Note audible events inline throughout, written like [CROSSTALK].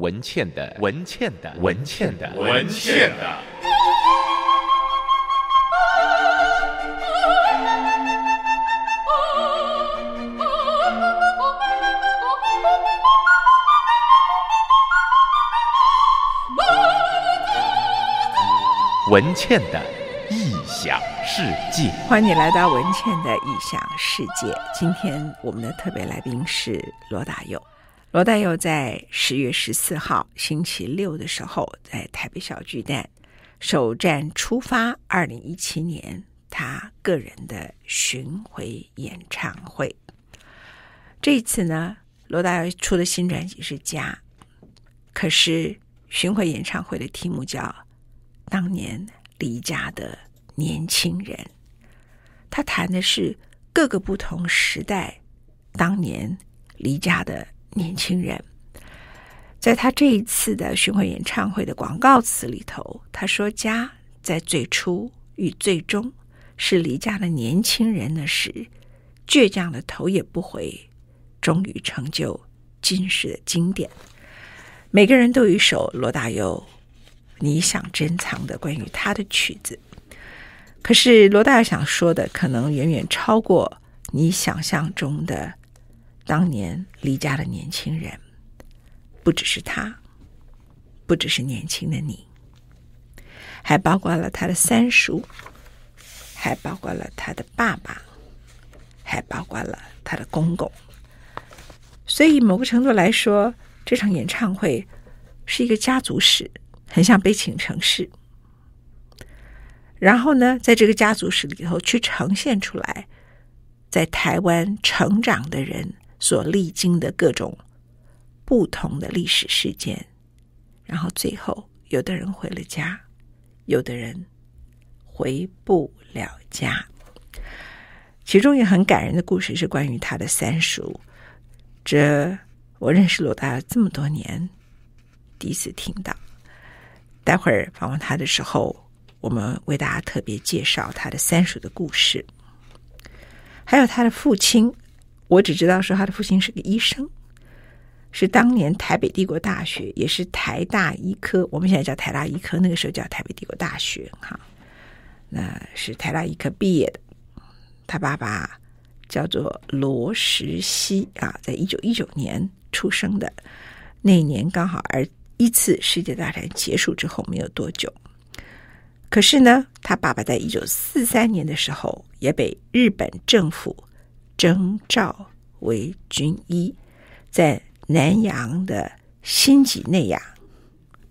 文茜的文茜的文茜的文茜的文茜的異想世界，歡迎你來到文茜的異想世界。今天我們的特別來賓是羅大佑。羅大佑在十月十四號，星期六的時候，在台北小巨蛋首站出發2017，二零一七年他個人的巡迴演唱會。這一次呢，羅大佑出的新專輯是《家》，可是巡迴演唱會的題目叫《當年離家的年輕人》。他談的是各個不同時代當年離家的。年輕人，在他這一次的巡回演唱會的廣告詞裡頭，他說：“家在最初與最終是離家的年輕人的事，倔強的頭也不回，終於成就今世的經典。”每個人都有一首羅大佑你想珍藏的關於他的曲子，可是羅大佑想說的，可能遠遠超過你想象中的。當年離家的年輕人，不只是他，不只是年輕的你，還包括了他的三叔，還包括了他的爸爸，還包括了他的公公。所以以，某個程度來說，這場演唱會是一個家族史，很像悲情城市。然後呢，在這個家族史裡頭去呈現出來，在台灣成長的人，所歷經的各種不同的歷史事件，然後最後有的人回了家，有的人回不了家。其中一個很感人的故事是關於他的三叔，這我認識羅大佑這麼多年第一次聽到。待會兒訪問他的時候，我們為大家特別介紹他的三叔的故事，還有他的父親。我只知道說他的父親是個醫生，是當年台北帝國大學，也是台大醫科，我們現在叫台大醫科，那個時候叫台北帝國大學，哈、啊，那是台大醫科畢業的。他爸爸叫做羅石溪啊，在一九一九年出生的，那年剛好而一次世界大戰結束之後沒有多久。可是呢，他爸爸在一九四三年的時候也被日本政府。徵召為軍醫，在南洋的新幾內亞、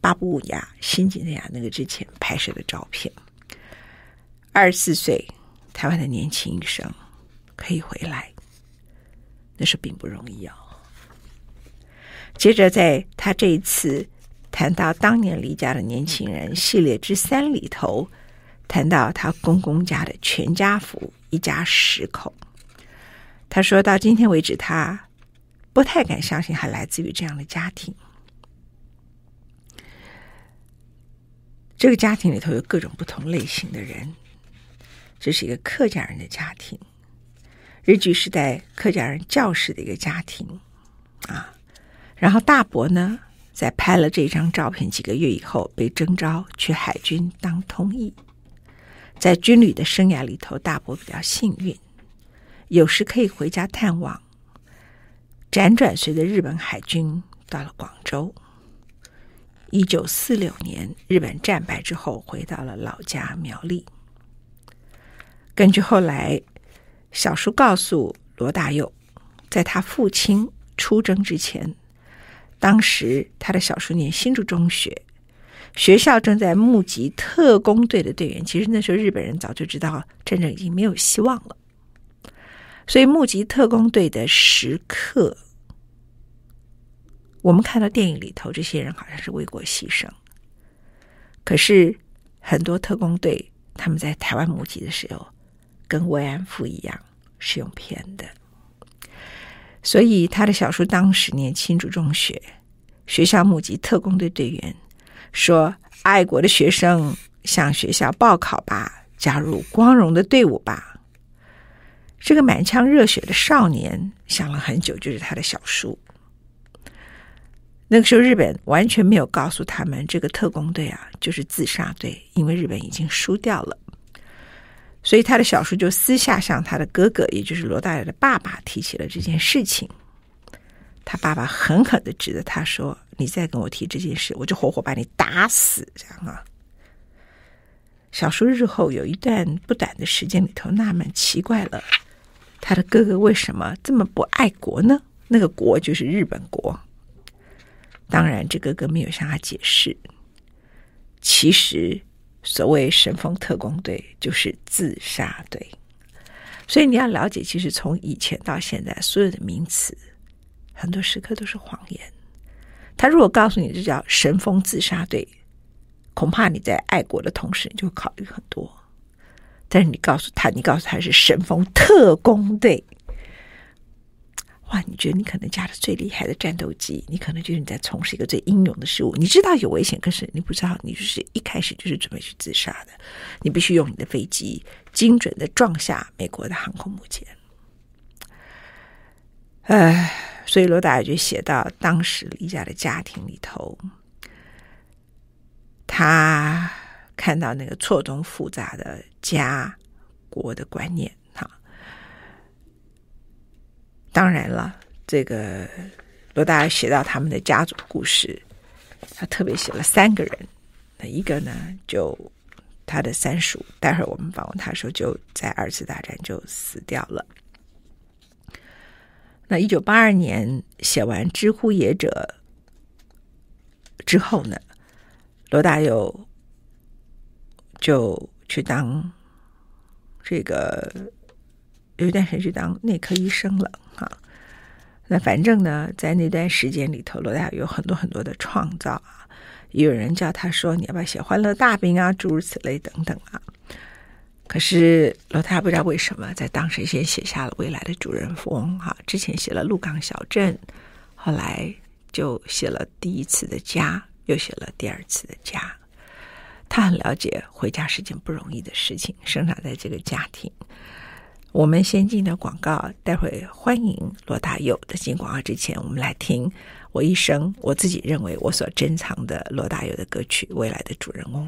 巴布亞、新幾內亞那個之前拍攝的照片。二十四歲台灣的年輕醫生可以回來，那是並不容易哦。接着，在他這一次談到當年離家的年輕人系列之三裡頭，談到他公公家的全家福，一家十口。他說到今天為止，他不太敢相信，還來自於這樣的家庭。這個家庭裡頭有各種不同類型的人，這是一個客家人的家庭，日據時代客家人教士的一個家庭啊。然後大伯呢，在拍了這張照片幾個月以後，被徵召去海軍當通譯，在軍旅的生涯裡頭，大伯比較幸運。有時可以回家探望，輾轉隨着日本海軍到了廣州。一九四六年，日本戰敗之後，回到了老家苗栗。根據後來小叔告訴羅大佑，在他父親出征之前，當時他的小叔念新竹中學，學校正在募集特工隊的隊員。其實那時候日本人早就知道戰爭已經沒有希望了。所以，募集特工隊的時刻，我們看到電影裡頭，這些人好像是為國犧牲。可是，很多特工隊他們在台灣募集的時候，跟慰安婦一樣是用騙的。所以，他的小說當時念青竹中學，學校募集特工隊隊員，說：“愛國的學生向學校報考吧，加入光榮的隊伍吧。”這個滿腔熱血的少年想了很久，就是他的小叔。那個時候，日本完全沒有告訴他們，這個特攻隊啊，就是自殺隊，因為日本已經輸掉了。所以，他的小叔就私下向他的哥哥，也就是羅大佑的爸爸提起了這件事情。他爸爸狠狠地指着他說：“你再跟我提這件事，我就活活把你打死！”這樣啊。小叔日後有一段不短的時間裡頭，那麼奇怪了。他的哥哥為什麼這麼不愛國呢？那個國就是日本國。當然，這哥哥沒有向他解釋。其實，所謂神風特攻隊就是自殺隊。所以你要了解，其實從以前到現在，所有的名詞，很多時刻都是謊言。他如果告訴你這叫神風自殺隊，恐怕你在愛國的同時，你就會考慮很多。但是你告訴他，你告訴他是神風特攻隊。哇！你覺得你可能駕着最厲害的戰鬥機，你可能覺得你在從事一個最英勇的事物。你知道有危險，可是你不知道，你就是一開始就是準備去自殺的。你必須用你的飛機精準地撞下美國的航空母艦。哎，所以羅大佑就寫到，當時離家的家庭裡頭，他看到那個錯綜複雜的。家國的觀念，哈、啊。當然了，這個羅大佑寫到他們的家族故事，他特別寫了三個人。那一個呢，就他的三叔，待會兒我們訪問他的時候，就在二次大戰就死掉了。那一九八二年寫完《之乎者也》之後呢，羅大佑就。去當這個有一段時間去當內科醫生了哈、啊，那反正呢，在那段時間裡頭，羅大佑有很多很多的創造啊，有人叫他說，你要不要寫《歡樂大兵》啊，諸如此類等等啊。可是羅大佑不知道為什麼，在當時先寫下了《未來的主人翁》哈、啊，之前寫了《鹿港小鎮》，後來就寫了第一次的家，又寫了第二次的家。他很了解回家是件不容易的事情，生長在這個家庭。我們先進的廣告，待會歡迎羅大佑，在進廣告之前，我們來聽我一生我自己認為我所珍藏的羅大佑的歌曲《未來的主人翁》。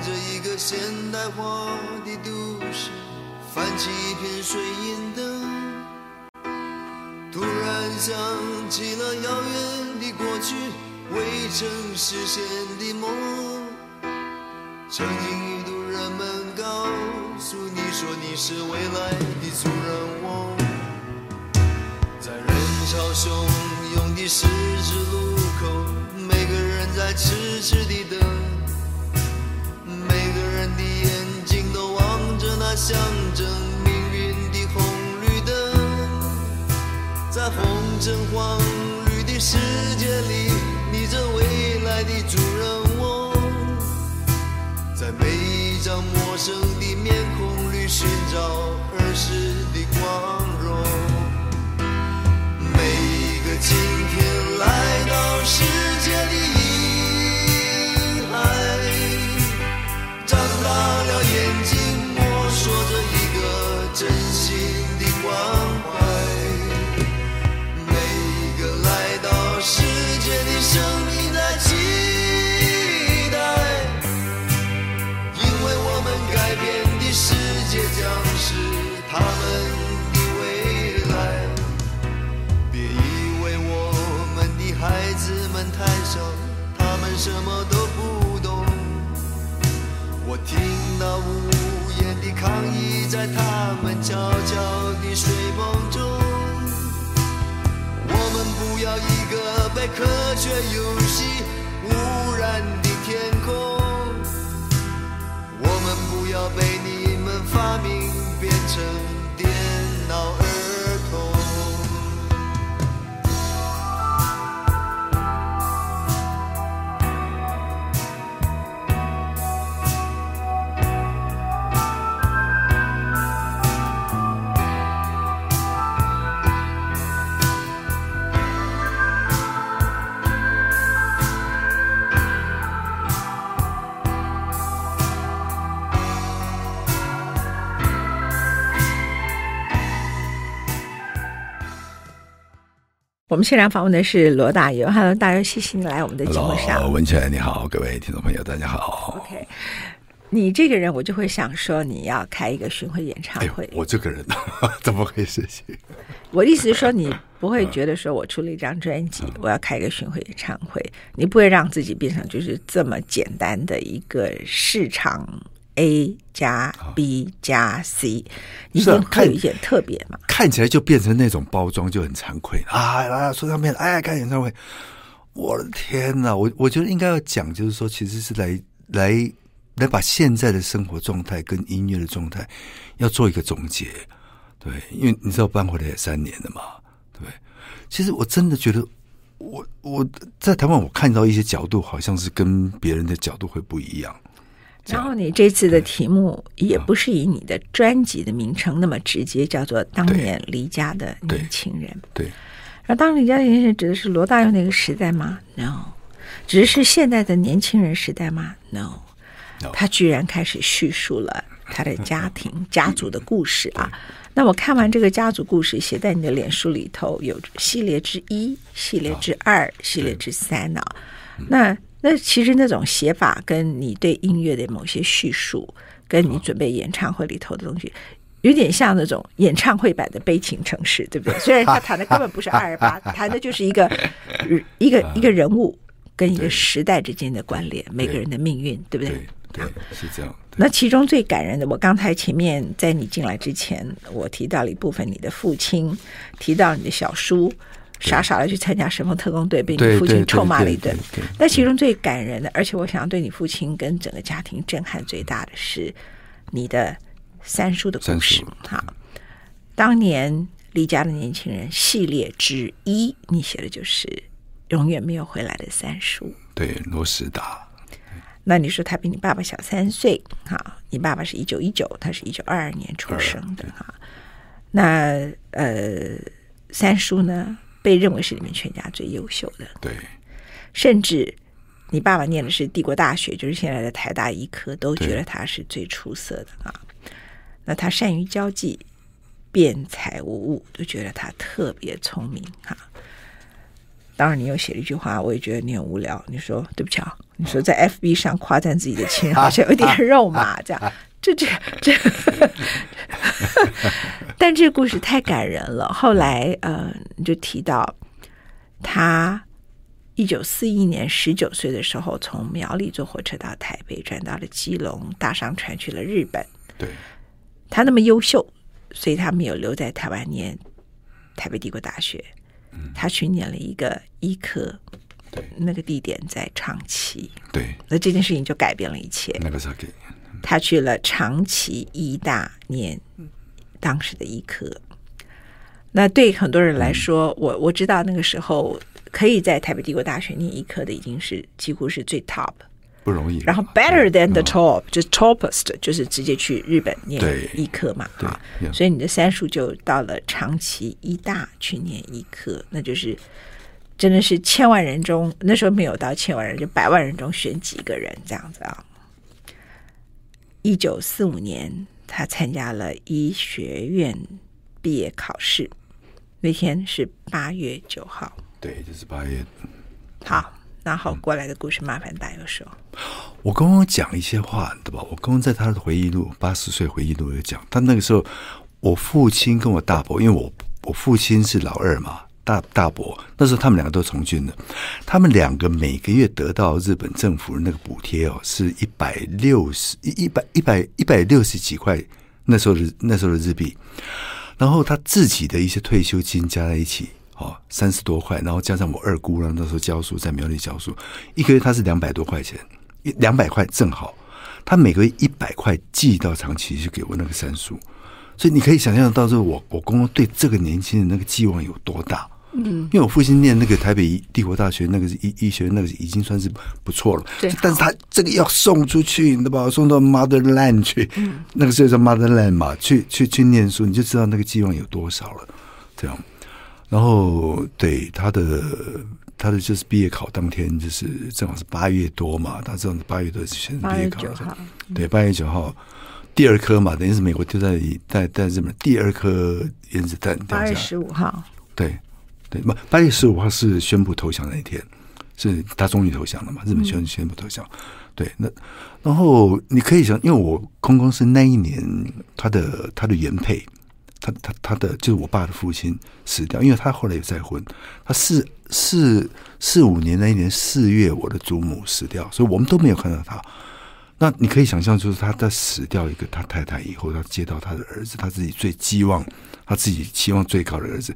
看着一個現代化的都市，泛起一片水銀燈，突然想起了遙遠的過去，未曾實現的夢。曾經一度人們告訴你說你是未來的主人翁，在人潮洶湧的十字路口，每個人在痴痴的等。象徵命運的紅綠燈，在紅橙黃綠的世界裡，你這未來的主人翁，在每一張陌生的面孔裡尋找兒時的光。生命在期待，因為我們改變的世界將是他們的未來。別以為我們的孩子們太小，他們什麼都不懂。我聽到無言的抗議在他們悄悄的睡夢中。不要一個被科學遊戲污染的天空，我們不要被你們發明變成電腦。我們現場訪問的是羅大佑。Hello，大佑，謝謝你來我們的節目上。Hello，文茜，你好，各位聽眾朋友，大家好。OK，你這個人，我就會想說，你要開一個巡迴演唱會。哎、我這個人呢，怎麼回事？我意思是說，你不會覺得說我出了一張專輯， [LAUGHS] 我要開一個巡迴演唱會，嗯、你不會讓自己變成就是這麼簡單的一個市場。A 加 B 加 C，哦、你點、啊、看有一點特別嘛，看起來就變成那種包裝就很慚愧啊啊！說唱片哎，開演唱會，我的天吶、啊！我我覺得應該要講，就是說其實是來來來把現在的生活狀態跟音樂的狀態要做一個總結，對，因為你知道搬回來也三年了嘛，對。其實我真的覺得我，我我在台灣我看到一些角度，好像是跟別人的角度會不一樣。然後你這次的題目也不是以你的專輯的名稱那麼直接，叫做《當年離家的年輕人》。對。而“當年離家的年輕人”指的是羅大佑那個時代嗎？No，只是現在的年輕人時代嗎？No，他居然開始敘述了他的家庭、 [LAUGHS] 家族的故事啊！那我看完這個家族故事，寫在你的臉書裡頭，有系列之一、系列之二、系列之三呢、啊。那。那其實那種寫法，跟你對音樂的某些敘述，跟你準備演唱會裡頭的東西，哦、有點像那種演唱會版的《悲情城市》，對不對？雖然他談的根本不是二二八，談 [LAUGHS] 的就是一個 [LAUGHS] 一個一個人物跟一個時代之間的關聯，嗯、每個人的命運，對，對不對，對？對，是這樣。那其中最感人的，我剛才前面在你進來之前，我提到了一部分你的父親，提到你的小叔。傻傻的去參加神風特攻隊，被你父親臭罵了一頓。那其中最感人的，嗯、而且我想要對你父親跟整個家庭震撼最大的是你的三叔的故事。哈，好嗯、當年離家的年輕人系列之一，你寫的就是永遠沒有回來的三叔。對，羅斯達。那你說他比你爸爸小三歲，哈，你爸爸是一九一九，他是一九二二年出生的，哈。那呃，三叔呢？被認為是你們全家最優秀的，對，甚至你爸爸念的是帝國大學，就是現在的台大醫科，都覺得他是最出色的啊。對那他善於交際，辯才無誤，都覺得他特別聰明哈。當然，你又寫了一句話，我也覺得你很無聊。你說對不起啊，你說在 FB 上誇讚自己的親人好像有點肉麻，啊啊啊、這樣，這這這呵呵，但這故事太感人了。後來，呃，你就提到他一九四一年十九歲的時候，從苗栗坐火車到台北，轉到了基隆，搭上船去了日本。對，他那麼優秀，所以他沒有留在台灣念台北帝國大學。他去念了一個醫科，對，那個地點在長崎，對。那這件事情就改變了一切。那個時候，他去了長崎醫大念、嗯、當時的醫科。那對很多人來說，嗯、我我知道那個時候可以在台北帝國大學念醫科的，已經是幾乎是最 top。不容易。然後，better than the top，就是 toppest，就是直接去日本念醫科嘛。對，好對 yeah. 所以你的三叔就到了長崎醫大去念醫科，那就是真的是千萬人中，那時候沒有到千萬人，就百萬人中選幾個人這樣子啊、哦。一九四五年，他參加了醫學院畢業考試，那天是八月九號。對，就是八月。好。嗯拿好過來的故事，麻煩大佑有說。嗯，我剛剛講一些話，對吧？我剛剛在他的回憶錄《八十歲回憶錄》有講，他那個時候，我父親跟我大伯，因為我我父親是老二嘛，大大伯那時候他們兩個都從軍的，他們兩個每個月得到日本政府的那個補貼哦，是一百六十一百一百一百六十幾塊那時候的那時候的日幣，然後他自己的一些退休金加在一起。哦，三十多塊，然後加上我二姑，然後那時候教書在苗栗教書，一個月他是兩百多塊錢，一兩百塊正好，他每個月一百塊寄到長崎去給我那個三叔，所以你可以想象得到這我，是我我公公對這個年輕人那個寄望有多大。嗯，因為我父親念那個台北帝國大學，那個是醫醫學院，那個已經算是不錯了對。但是他這個要送出去，你知道吧？送到 Motherland 去，嗯、那個時候叫 Motherland 嘛，去去去念書，你就知道那個寄望有多少了。這樣。然後，對，他的他的就是畢業考當天，就是正好是八月多嘛，他正好是八月多去選畢業考，對，八月九號，第二顆嘛，等於是美國就在在在日本第二顆原子彈，八月十五號，對，對，八月十五號是宣布投降那一天，是他終於投降了嘛，日本宣宣布投降，對，那然後你可以想，因為我公公是那一年他的他的原配。他他他的就是我爸的父親死掉，因為他後來也再婚。他四四四五年那一年四月，我的祖母死掉，所以我們都沒有看到他。那你可以想象，就是他在死掉一個他太太以後，他接到他的兒子，他自己最寄望，他自己期望最高的兒子。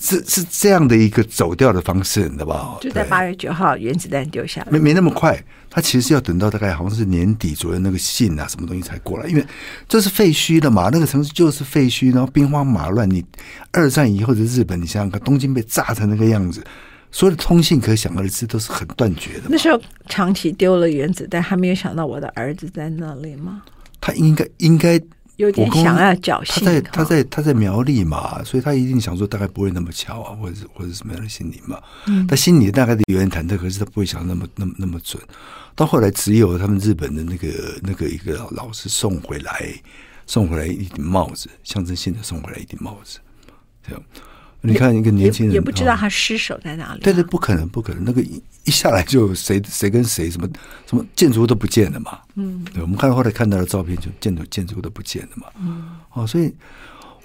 是是這樣的一個走掉的方式，你知道吧？就在八月九號，原子彈丟下對沒沒那麼快。他其實要等到大概好像是年底左右，那個信啊、嗯、什麼東西才過來。因為這是廢墟了嘛，那個城市就是廢墟，然後兵荒馬亂。你二戰以後的日本，你想想看，東京被炸成那個樣子，所有的通信可想而知都是很斷絕的。那時候長崎丟了原子彈，還沒有想到我的兒子在那裡嗎？他應該應該。應該有點想要僥倖他，他在他在他在苗栗嘛，所以他一定想說大概不會那麼巧啊，或者或者什麼樣的心理嘛。嗯。他心裡大概的有點忐忑，他可是他不會想那麼那麼那麼準。到後來只有他們日本的那個那個一個老師送回來，送回來一頂帽子，象徵性的送回來一頂帽子，這樣。你看一個年輕人，也不知道他屍首在哪裡，啊哦。對對，不可能，不可能，那個一一下來就誰誰跟誰什麼什麼建築都不見了嘛。嗯，對，我們看後來看到的照片，就建築建築都不見了嘛。嗯，哦，所以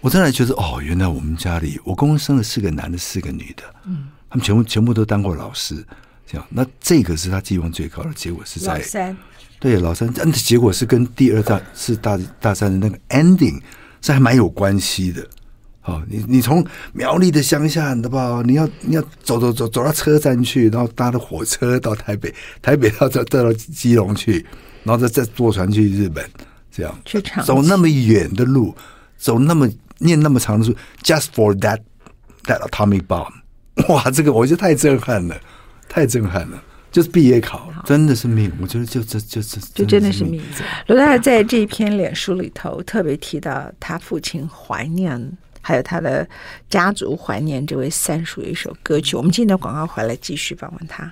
我真的覺得，哦，原來我們家裡我公公生了四個男的，四個女的，嗯，他們全部全部都當過老師，這樣。那這個是他寄望最高的，結果是在老三，對老三，但結果是跟第二大是大大三的那個 ending 是還蠻有關係的。哦，你你從苗栗的鄉下，你都不知道，你要你要走走走走到車站去，然後搭著火車到台北，台北到到到到基隆去，然後再再坐船去日本，這樣去長走那麼遠的路，走那麼念那麼長的書，just for that that atomic bomb，哇，這個我覺得太震撼了，太震撼了！就是畢業考，好真的是命，我覺得就這，就這、嗯，就真的是命。羅大佑在這一篇臉書裡頭 [LAUGHS] 特別提到，他父親懷念。還有他的家族懷念這位三叔的一首歌曲。我們進到廣告，回來繼續訪問他。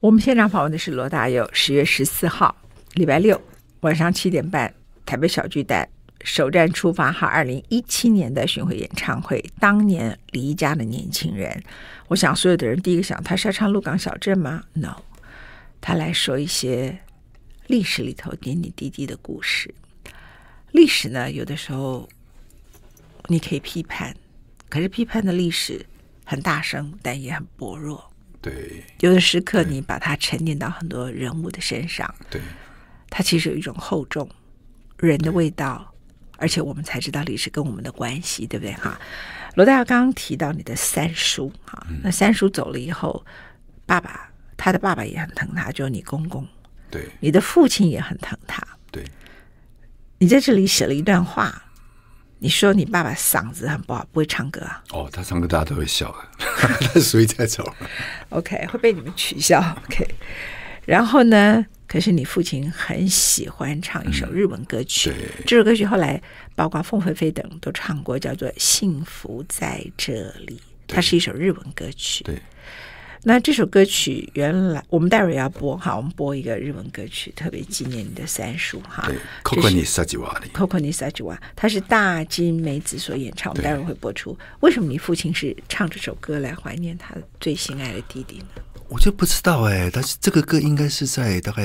我們現場訪問的是羅大佑。十月十四號，禮拜六晚上七點半，台北小巨蛋首站出發，哈，二零一七年的巡迴演唱會。當年離家的年輕人，我想所有的人第一個想，他是要唱《鹿港小鎮》嗎？No，他來說一些歷史裡頭點點滴滴的故事。歷史呢，有的時候。你可以批判，可是批判的歷史很大聲，但也很薄弱。對，有的時刻你把它沉澱到很多人物的身上。對，它其實有一種厚重人的味道，對而且我們才知道歷史跟我們的關係，對不對？哈對，羅大佑剛剛提到你的三叔啊，嗯、那三叔走了以後，爸爸他的爸爸也很疼他，就是你公公。對，你的父親也很疼他。對，你在這裡寫了一段話。你說你爸爸嗓子很不好，不會唱歌啊？哦，他唱歌大家都會笑，所以才走。OK，會被你們取笑。OK，然後呢？可是你父親很喜歡唱一首日文歌曲，嗯，這首歌曲後來包括鳳飛飛等都唱過，叫做《幸福在這裡》，對它是一首日文歌曲。對。對那這首歌曲原來我們待會兒要播哈，我們播一個日文歌曲，特別紀念你的三叔哈。c o c o n i s a j w a k o k o n i s a j w a 他是大金梅子所演唱，我們待會兒會播出。對為什麼你父親是唱這首歌來懷念他最心愛的弟弟呢？我就不知道哎，但是這個歌應該是在大概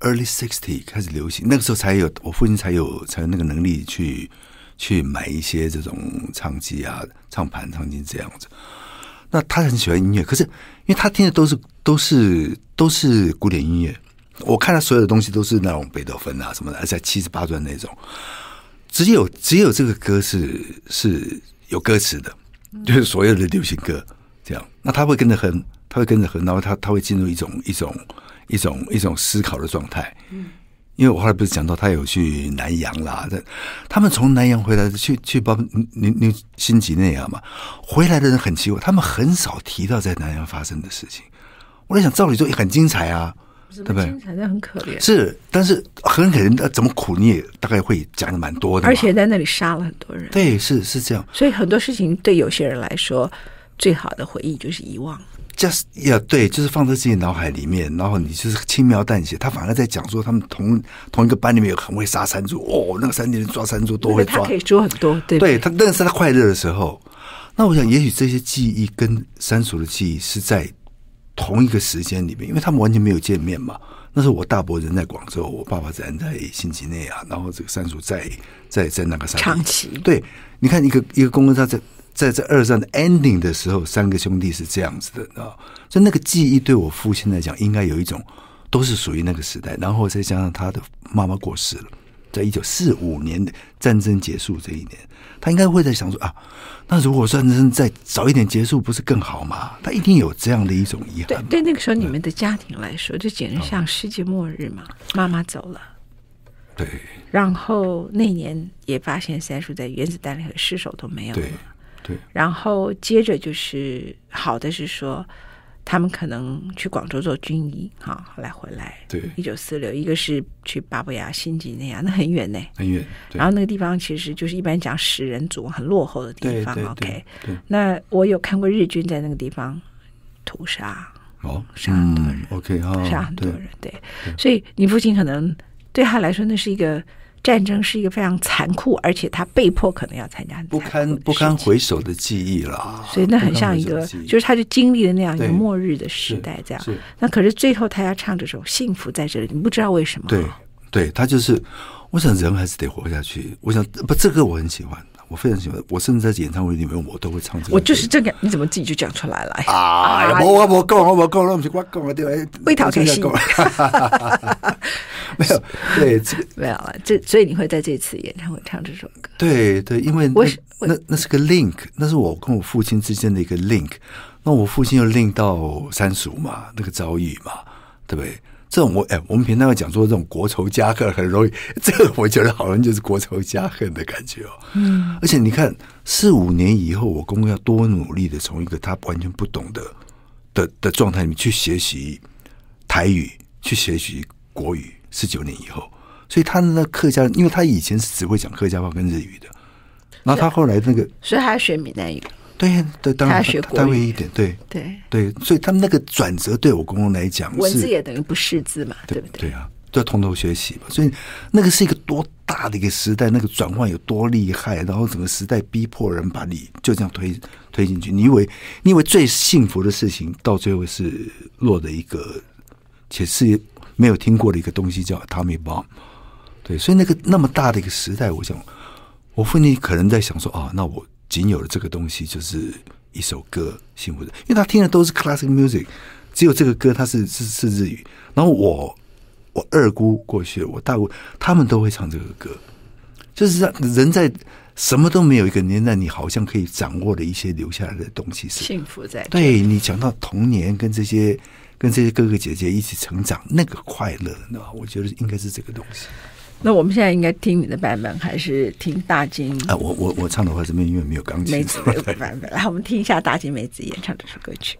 early sixty 開始流行，那個時候才有我父親才有才有那個能力去去買一些這種唱機啊、唱盤、唱機這樣子。那他很喜歡音樂，可是因為他聽的都是都是都是古典音樂，我看他所有的東西都是那種貝多芬啊什麼的，而且七十八轉那種，只有只有這個歌是是有歌詞的，就是所有的流行歌這樣。那他會跟着哼，他會跟着哼，然後他他會進入一種一種一種一種思考的狀態。因為我後來不是講到他有去南洋啦，他們從南洋回來去去你你新幾內亞嘛，回來的人很奇怪，他們很少提到在南洋發生的事情。我在想，照理說也很精彩啊，彩對不對？精彩但很可憐。是，但是很可憐。呃，怎麼苦你也大概會講的蠻多的。而且在那裡殺了很多人。對，是是這樣。所以很多事情對有些人來說，最好的回憶就是遺忘。就是也對，就是放在自己腦海裡面，然後你就是輕描淡寫。他反而在講說，他們同同一個班裡面有很會殺山豬哦，那個山地人抓山豬都會抓。他可以捉很多，對，對。對他那是他快樂的時候。那我想，也許這些記憶跟山豬的記憶是在同一個時間裡面，因為他們完全沒有見面嘛。那時候我大伯人在廣州，我爸爸人在新幾內亞，然後這個山豬在在在，在那個山。長期。對，你看一個一個公公他在。在這二戰的 ending 的時候，三個兄弟是這樣子的，哦、所以那個記憶對我父親來講，應該有一種都是屬於那個時代。然後再加上他的媽媽過世了，在一九四五年的戰爭結束這一年，他應該會在想說啊，那如果戰爭再早一點結束，不是更好嗎？他一定有這樣的一種遺憾，對。對那個時候，你們的家庭來說，嗯、就簡直像世界末日嘛。媽媽、嗯、走了，對。然後那年也發現三叔在原子彈裡和屍首都沒有。對。對對，然後接着就是好的是說，他們可能去廣州做軍醫啊、哦，來回來。對，一九四六，一個是去巴布亞新幾內亞，那很遠呢、哎，很遠。然後那個地方其實就是一般講食人族很落後的地方。OK，對那我有看過日軍在那個地方屠殺，哦，殺很多人，OK，殺很多人。對，對對，所以你父親可能對他來說，那是一個。戰爭是一個非常殘酷，而且他被迫可能要參加很多不堪不堪回首的記憶了。所以那很像一個，就是他就經歷了那樣一個末日的時代，這樣。是那可是最後他要唱這首《幸福在這裡》，你不知道為什麼？對，對他就是，我想人還是得活下去。我想不，這個我很喜歡，我非常喜歡，我甚至在演唱會裡面我都會唱這個歌。這我就是這個，你怎麼自己就講出來了？啊！我我我我我沒有，對， [LAUGHS] 這沒有了、啊。這所以你會在這次演唱會唱這首歌？對，對，因為那我那那，那是個 link，那是我跟我父親之間的一個 link。那我父親又 link 到三叔嘛，那個遭遇嘛，對不對？這種我哎、欸，我們平常會講說這種國仇家恨很容易，這個我覺得好像就是國仇家恨的感覺哦。嗯，而且你看四五年以後，我公公要多努力的從一個他完全不懂的的的狀態裡面去學習台語，去學習國語。四九年以後，所以他的那客家，因為他以前是只會講客家話跟日語的，然後他後來那個，所以他要學閩南語，對對，當然他要學稍微一點，對對對，所以他們那個轉折，對我公公來講是，文字也等於不識字嘛，對不對？對，對啊，就要從頭學習嘛。所以那個是一個多大的一個時代，那個轉換有多厲害，然後整個時代逼迫人把你就這樣推推進去，你以為你以為最幸福的事情，到最後是落得一個且是，沒有聽過的一個東西叫 Atomic Bomb，對，所以那個那麼大的一個時代，我想我父親可能在想說啊，那我僅有的這個東西就是一首歌，幸福的，因為他聽的都是 Classic Music，只有這個歌它是是是日語。然後我我二姑過去，我大姑他們都會唱這個歌，就是讓人在什麼都沒有一個年代，你好像可以掌握的一些留下來的東西是幸福在這對。對你講到童年跟這些。跟這些哥哥姐姐一起成長，那個快樂，那我覺得應該是這個東西。那我們現在應該聽你的版本，還是聽大金啊？我我我唱的話，這邊因為沒有鋼琴，梅子的版本，來我們聽一下大金梅子演唱這首歌曲。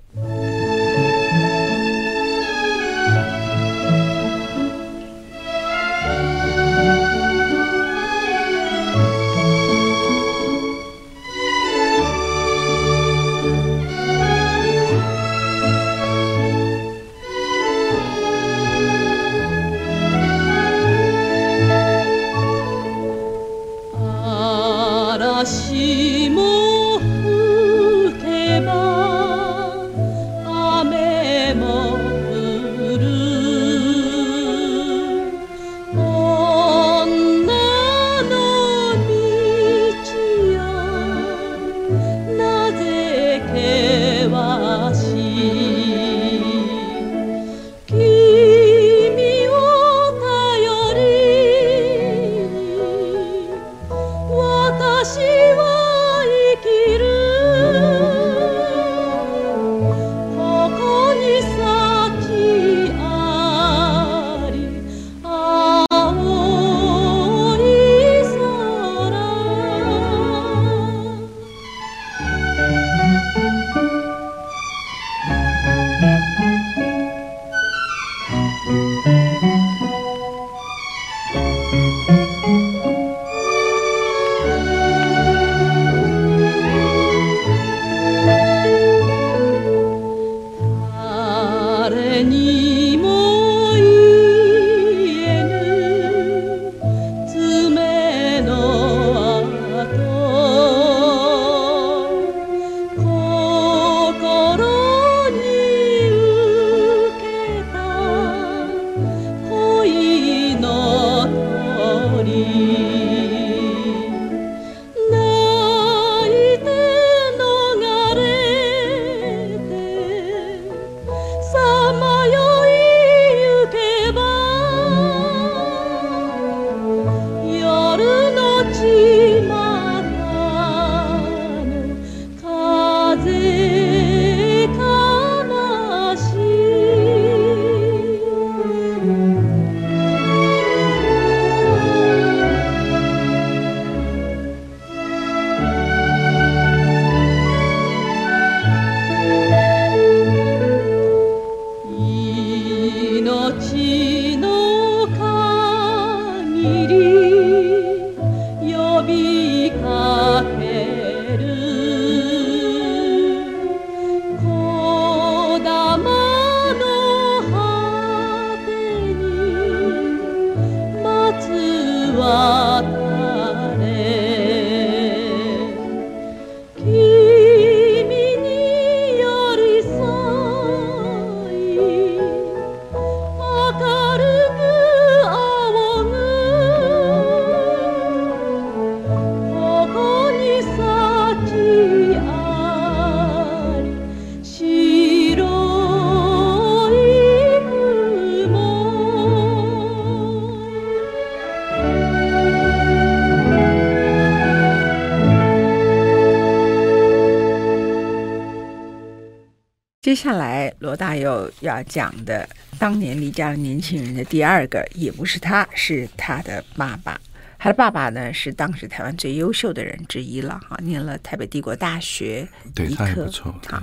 接下來羅大佑要講的，當年離家的年輕人的第二個，也不是他，是他的爸爸。他的爸爸呢，是當時台灣最優秀的人之一了，哈，念了台北帝國大學醫科，哈，不錯，對，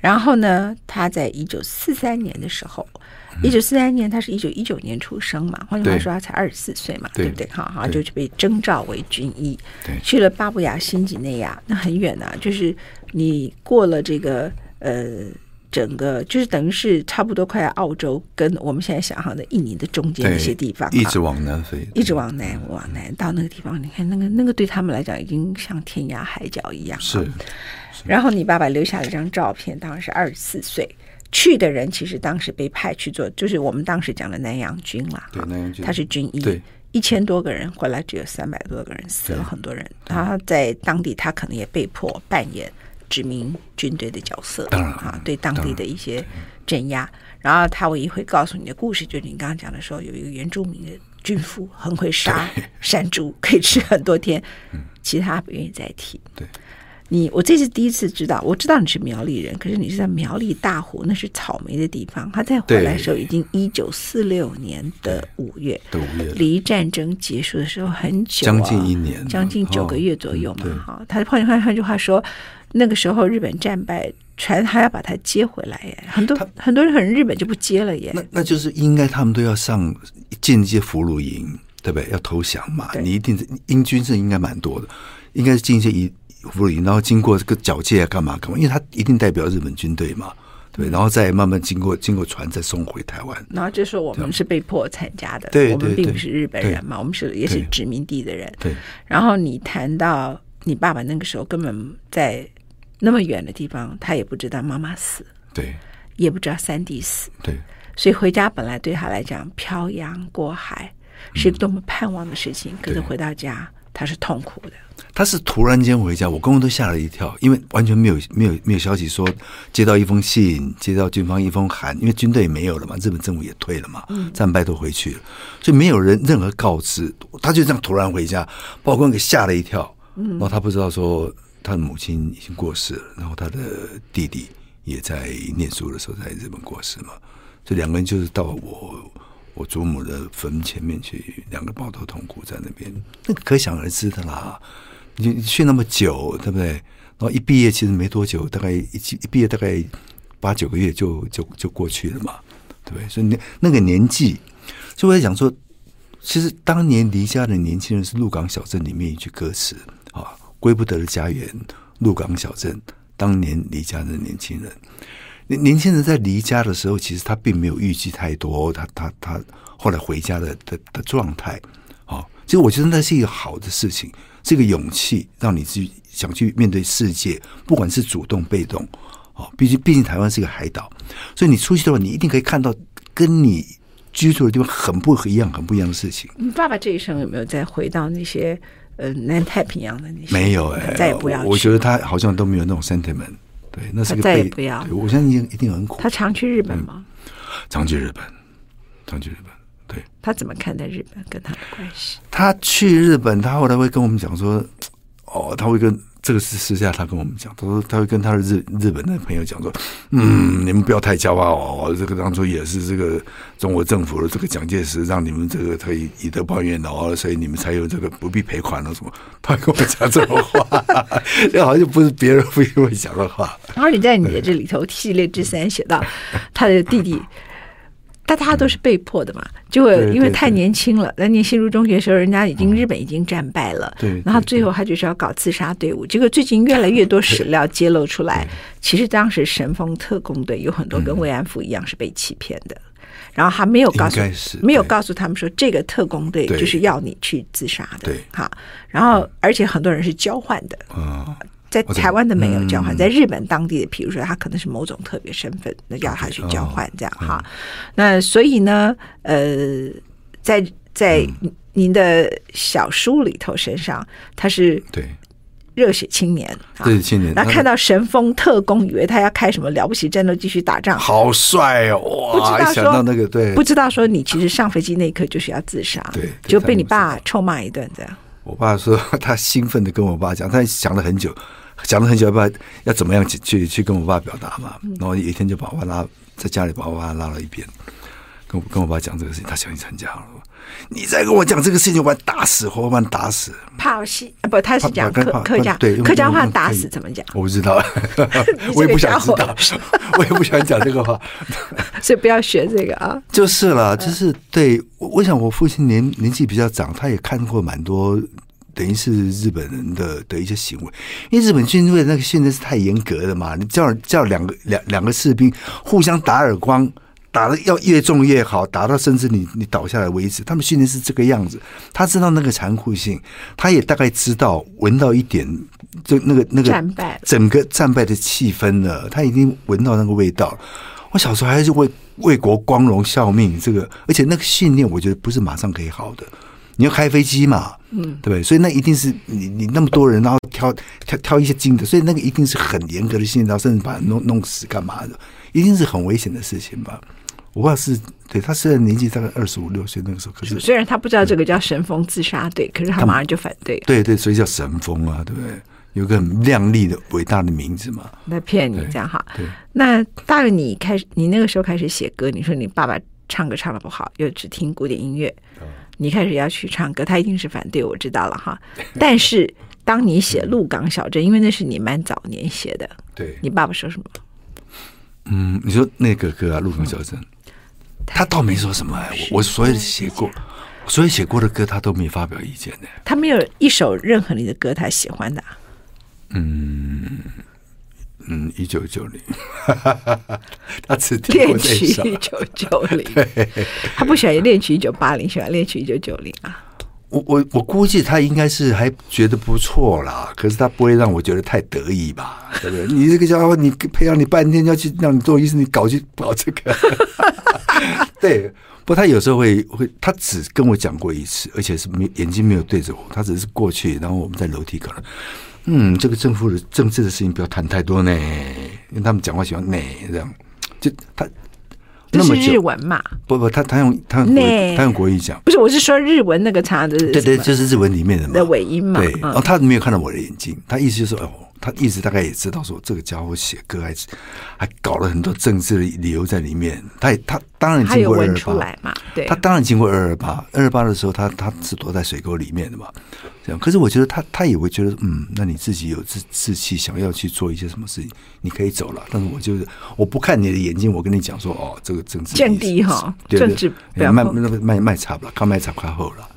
然後呢，他在一九四三年的時候，一九四三年，他是一九一九年出生嘛，換句話說，他才二十四歲嘛，對，對不對？哈對，哈，就被徵召為軍醫，對去了巴布亞新幾內亞，那很遠吶，啊，就是你過了這個，呃。整個就是等於是差不多快澳洲跟我們現在想像的印尼的中間一些地方、啊，一直往南飛，一直往南往南、嗯、到那個地方，你看那個那個對他們來講已經像天涯海角一樣。是。是然後你爸爸留下了一張照片，當時二十四歲去的人，其實當時被派去做，就是我們當時講的南洋軍了、啊。對，南洋軍。他是軍醫，對，一千多個人回來只有三百多個人，死了很多人。他對在當地，他可能也被迫扮演。殖民軍隊的角色，當然啊，對當地的一些鎮壓。然，然後他唯一會告訴你的故事，就是你剛剛講的時候，有一個原住民的軍夫，很會殺山豬，嗯、可以吃很多天。嗯、其他不願意再提。嗯、對，你我這是第一次知道。我知道你是苗栗人，可是你是在苗栗大湖，嗯、那是草莓的地方。他在回來的時候已經一九四六年的五月，離戰爭結束的時候很久、啊，將近一年，將近九個月左右嘛。哈、哦，他換句話，換句話說。那個時候日本戰敗，船還要把他接回來耶，很多他很多人可能日本就不接了耶。那那就是應該他們都要上進一些俘虜營，對不對？要投降嘛。對。你一定是英軍是應該蠻多的，應該是進一些俘虜營，然後經過這個繳械幹嘛幹嘛，因為他一定代表日本軍隊嘛，對不對？然後再慢慢經過經過船再送回台灣。然後就說我們是被迫參加的，對，對對對對對對對我們並不是日本人嘛，我們是也是殖民地的人。對。對對然後你談到你爸爸那個時候根本在。那麼遠的地方，他也不知道媽媽死，對，也不知道三弟死，對，所以回家本來對他來講，漂洋過海是多麼盼望的事情，嗯、可是回到家，對他是痛苦的。他是突然間回家，我公公都嚇了一跳，因為完全沒有、沒有、沒有消息說接到一封信，接到軍方一封函，因為軍隊也沒有了嘛，日本政府也退了嘛，戰、嗯、敗都回去了，所以沒有人任何告知，他就這樣突然回家，把我公公給嚇了一跳，嗯，然後他不知道說。他的母親已經過世了，然後他的弟弟也在念書的時候在日本過世嘛，這兩個人就是到我我祖母的墳前面去，兩個抱頭痛哭在那邊，那可想而知的啦。你去那麼久，對不對？然後一畢業其實沒多久，大概一一畢業大概八九個月就就就過去了嘛，對不對？所以那那個年紀，所以我在想說，其實當年離家的年輕人是《鹿港小鎮》裡面一句歌詞啊。歸不得的家園，鹿港小鎮。當年離家的年輕人年，年輕人在離家的時候，其實他並沒有預計太多。他他他後來回家的的的狀態，好、哦，其實我覺得那是一個好的事情。這個勇氣讓你去想去面對世界，不管是主動被動，哦、畢竟畢竟台灣是一個海島，所以你出去的話，你一定可以看到跟你居住的地方很不一樣、很不一樣的事情。你爸爸這一生有沒有再回到那些？呃，南太平洋的那些沒有哎、欸，再也不要去。我覺得他好像都沒有那種 sentiment，對，那是個再也不要。我相信一定很苦。他常去日本嗎、嗯？常去日本，常去日本。對。他怎麼看待日本跟他的關係？他去日本，他後來會跟我們講說，哦，他會跟。這個是私下他跟我們講，他說他會跟他的日日本的朋友講說，嗯，嗯，你們不要太驕傲哦，這個當初也是這個中國政府的這個蔣介石讓你們這個可以，以德報怨的哦，所以你們才有這個不必賠款了什麼。他跟我講這種話，這 [LAUGHS] [LAUGHS] 好像不是別人會跟我講的話。 [LAUGHS] 而你在你這裡頭 [LAUGHS] 系列之三寫到他的弟弟。 [LAUGHS] 但大家都是被迫的嘛，結果、嗯、因為太年輕了，對對對，那年進入中學的時候，人家已經、嗯、日本已經戰敗了，對，對，對，然後最後他就是要搞自殺隊伍。結果最近越來越多史料揭露出來，其實當時神風特攻隊有很多跟慰安婦一樣是被欺騙的，嗯、然後還沒有告訴，沒有告訴他們說這個特攻隊就是要你去自殺的，對，哈，然後而且很多人是交換的，嗯。嗯在台灣的沒有交換，在日本當地的，譬如說他可能是某種特別身份，那要他去交換這樣哈。那所以呢，呃，在在您的小書裡頭身上，他是對熱血青年，熱血青年。然後看到神風特工，以為他要開什麼了不起戰鬥，繼續打仗，好帥哦！想到那個，對，不知道說你其實上飛機那一刻就是要自殺，對，就被你爸臭罵一頓這樣。我爸說他興奮的跟我爸講，他想了很久。講得很久，要怎麼樣去去跟我爸表達嘛？然後有一天就把我爸拉在家裡，把我爸拉了一遍，跟我跟我爸講這個事情。他想你參加了，你再跟我講這個事情，我把你打死。我把你打死怕死，啊，不？他是講客家客家對，客家話打死怎麼講？我不知道，我也不想知道，我也不想講這個話， [LAUGHS] 所以不要學這個啊。就是了，就是對。我，我想我父親年年紀比較長，他也看過蠻多。等於是日本人的的一些行為，因為日本軍隊的那個訓練是太嚴格的嘛，你叫叫兩個兩兩個士兵互相打耳光，打得要越重越好，打到甚至你你倒下來為止。他們訓練是這個樣子，他知道那個殘酷性，他也大概知道，聞到一點就那個那個戰敗整個戰敗的氣氛了，他已經聞到那個味道。我小時候還是為為國光榮效命，這個而且那個訓練，我覺得不是馬上可以好的。你要開飛機嘛？嗯，對不對？所以那一定是你你那麼多人，然後挑挑挑一些精的，所以那個一定是很嚴格的，信然後甚至把人弄弄死幹嘛的？一定是很危險的事情吧？我怕是對他雖然年紀大概二十五六歲那個時候，可是雖然他不知道這個叫神風自殺隊對，可是他馬上就反對。對對，所以叫神風啊，對不對？有個很亮麗的偉大的名字嘛。那騙你這樣哈？對。那大佑你開始，你那個時候開始寫歌，你說你爸爸唱歌唱得不好，又只聽古典音樂。哦你開始要去唱歌，他一定是反對，我知道了哈。但是當你寫《鹿港小鎮》 [LAUGHS] 嗯，因為那是你蠻早年寫的，對你爸爸說什麼？嗯，你說那個歌啊，《鹿港小鎮》嗯，他倒沒說什麼哎。我我所有寫過，所有寫過的歌，他都沒發表意見的。他沒有一首，任何你的歌，他喜歡的啊。嗯。嗯，一九九零，他只練曲一九九零，90, [LAUGHS] 對他不喜歡戀曲一九八零，喜歡戀曲一九九零啊。我我我估計他應該是還覺得不錯啦，可是他不會讓我覺得太得意吧？對不對？你這個家伙，你培養你半天要去讓你做醫生，你搞去搞這個。 [LAUGHS] [LAUGHS] 對，不，他有時候會會，他只跟我講過一次，而且是沒眼睛沒有對着我，他只是過去，然後我們在樓梯口。嗯，這個政府的政治的事情不要談太多呢，因為他們講話喜歡呢這樣，就他，那麼是日文嘛？不不，他他用他用國語他用國語講，不是，我是說日文那個差的，對對，就是日文裡面的嘛的尾音嘛。對，他沒有看到我的眼睛，他意思就是。他一直大概也知道說，這個傢伙寫歌還還搞了很多政治的理由在裡面。他也他當然經過二二八，他當然經過二二八。二二八的時候，他他是躲在水溝裡面的嘛。這樣，可是我覺得他他也會覺得，嗯，那你自己有志志氣，想要去做一些什麼事情，你可以走了。但是我就是我不看你的眼睛，我跟你講說，哦，這個政治見底哈，對對政治賣賣賣、賣、賣、賣賣賣茶不了、啊，靠賣茶靠後了。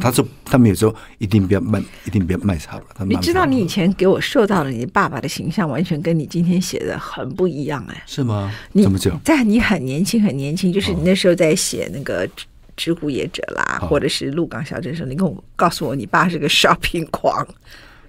他說：“他沒有說一定不要賣，一定不要賣茶了。”你知道，你以前給我塑造的你爸爸的形象，完全跟你今天寫的很不一樣，哎，是嗎？你怎麼講？在你很年輕、很年輕，就是你那時候在寫那個《之乎者也》啦，或者是《鹿港小鎮》的時候，你跟我告訴我，你爸是個 shopping 狂。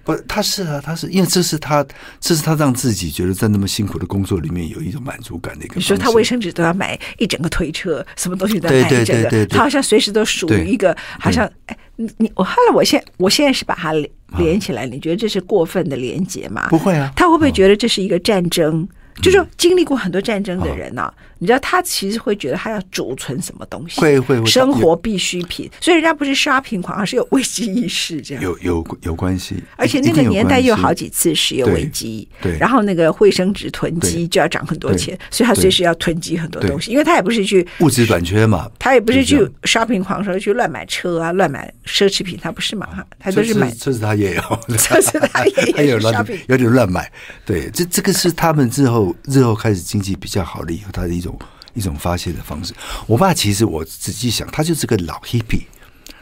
不，他是啊，他是因為這是他，這是他讓自己覺得在那麼辛苦的工作裡面有一種滿足感的一個。你說他衛生紙都要買一整個推車，什麼東西都要買一整個，對對對對對他好像隨時都屬於一個，對好像對哎，你你我後來我現我現在是把它連起來，嗯、你覺得這是過分的連結嗎？不會啊，他會不會覺得這是一個戰爭？哦就是經歷過很多戰爭的人吶，你知道他其實會覺得他要儲存什麼東西，會會生活必需品，所以人家不是 shopping 狂，而是有危機意識這樣。有有有關係，而且那個年代又有好幾次石油危機，對。然後那個衛生紙囤積就要漲很多錢，所以他隨時要囤積很多東西，因為他也不是去物質短缺嘛，他也不是去 shopping 狂說去亂買車啊、亂買奢侈品，他不是嘛？他都是買車子，他也有，車子他也有，有亂買。有點亂買。對，這這個是他們之後。日後開始經濟比較好了以後，他的一種一種發洩的方式。我爸其實我仔細想，他就是個老 hippie，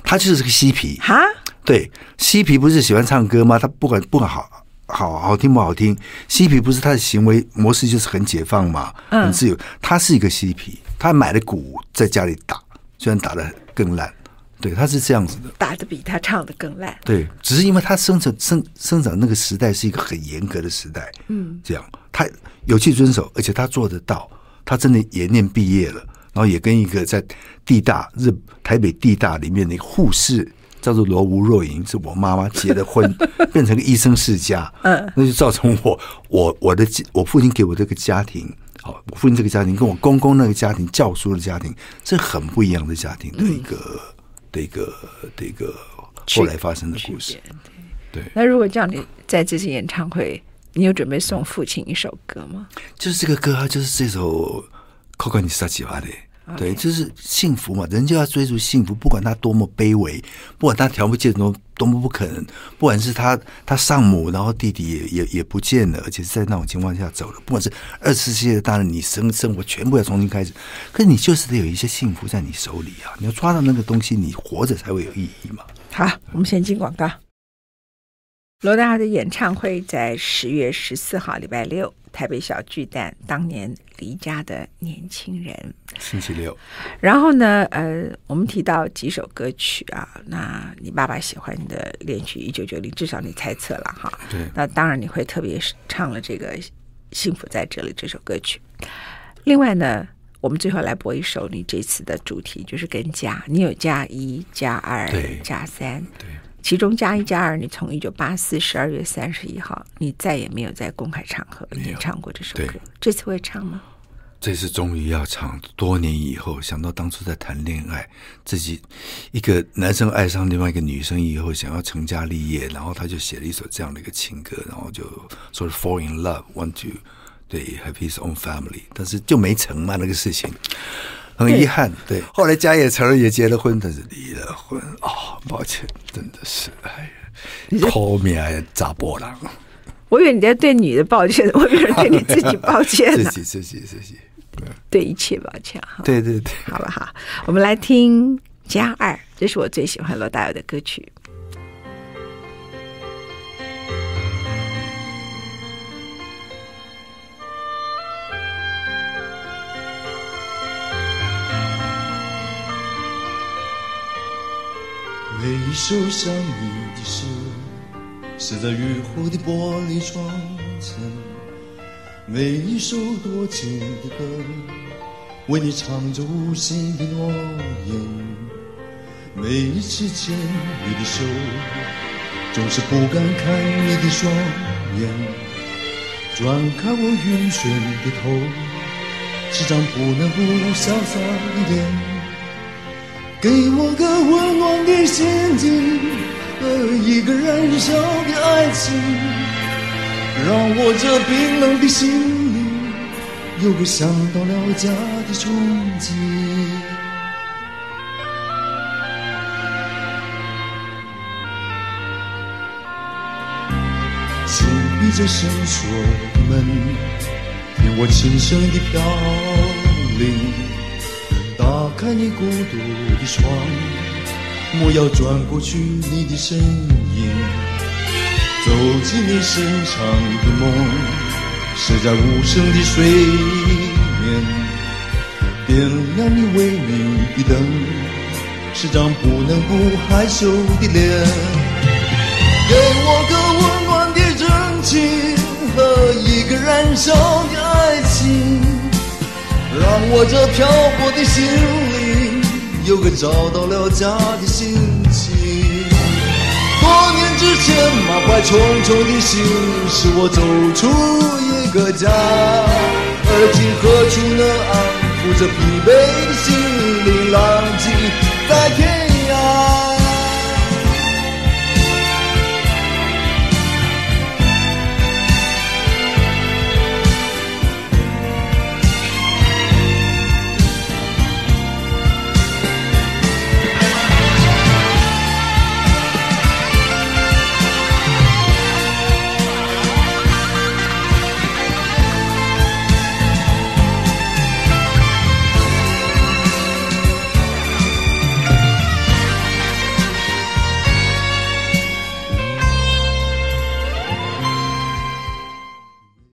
他就是個嬉皮哈，對，嬉皮不是喜歡唱歌嗎？他不管不管好好好聽不好聽，嬉皮不是他的行為模式就是很解放嘛，嗯、很自由。他是一個嬉皮，他買的鼓在家裡打，雖然打的更爛，對，他是這樣子的，打的比他唱的更爛。對，只是因為他生長生生長那個時代是一個很嚴格的時代，嗯，這樣。他有去遵守，而且他做得到。他真的也念畢業了，然後也跟一個在地大日台北地大裡面的一個護士叫做羅吳若瑩，是我媽媽結的婚， [LAUGHS] 變成個醫生世家。嗯，那就造成我我我的我父親給我這個家庭，好，我父親這個家庭跟我公公那個家庭教書的家庭，是很不一樣的家庭的一個、嗯、的一個的一個，的一個後來發生的故事。對，對，那如果叫你在這次演唱會，你有準備送父親一首歌嗎？就是這個歌，啊就是這首《扣扣你是他雞巴的》，對，就是幸福嘛。人就要追逐幸福，不管他多麼卑微，不管他條件多麼不可能，不管是他他喪母，然後弟弟也也也不見了，而且是在那種情況下走了，不管是二十歲的大人，你生生活全部要重新開始。可是你就是得有一些幸福在你手裡啊！你要抓到那個東西，你活着才會有意義嘛。好，我們先進廣告。羅羅大佑的演唱會在十月十四號，禮拜六，台北小巨蛋。當年離家的年輕人，星期六。然後呢，呃，我們提到幾首歌曲啊，那你爸爸喜歡的戀曲一九九零，至少你猜測了哈。對。那當然你會特別唱了這個幸福在這裡這首歌曲。另外呢，我們最後來播一首，你這次的主題就是跟家，你有加一、加二、加三。對。其中加一加二，你從一九八四十二月三十一號，你再也沒有在公開場合演唱過這首歌。這次會唱嗎？這次終於要唱，多年以後想到當初在談戀愛，自己一個男生愛上另外一個女生以後，想要成家立業，然後他就寫了一首這樣的一個情歌，然後就說是 “fall in love, want to, 對 have his own family”，但是就沒成嘛那個事情。很遺憾，對。對，後來家也成，也結了婚，但是離了婚，哦，抱歉，真的是，哎呀，後面還砸波浪。我以為你在對女的抱歉，我以為對你自己抱歉，自己自己自己，自己啊、對一切抱歉。對對對，對對對對好了好？我們來聽《家 II》，這是我最喜歡羅大佑的歌曲。一首想你的詩，寫在雨後的玻璃窗前。每一首多情的歌，為你唱着無心的諾言。每一次牽你的手，總是不敢看你的雙眼。轉開我暈眩的頭，時常不能不瀟灑一點。給我個溫暖的心情和一個燃燒的愛情，讓我這冰冷的心裡有個想到了家的憧憬。緊閉 [NOISE] 着深鎖的門，聽我輕聲的飄零。看你孤獨的窗，莫要轉過去你的身影。走進你深長的夢，是在無聲的睡眠。點亮你微明的燈，是張不能不害羞的臉。給我個溫暖的真情和一個燃燒的愛情。讓我這漂泊的心靈，有個找到了家的心情。多年之前，滿懷重重的心使我走出一個家，而今何處能安撫這疲憊的心靈？浪跡在天。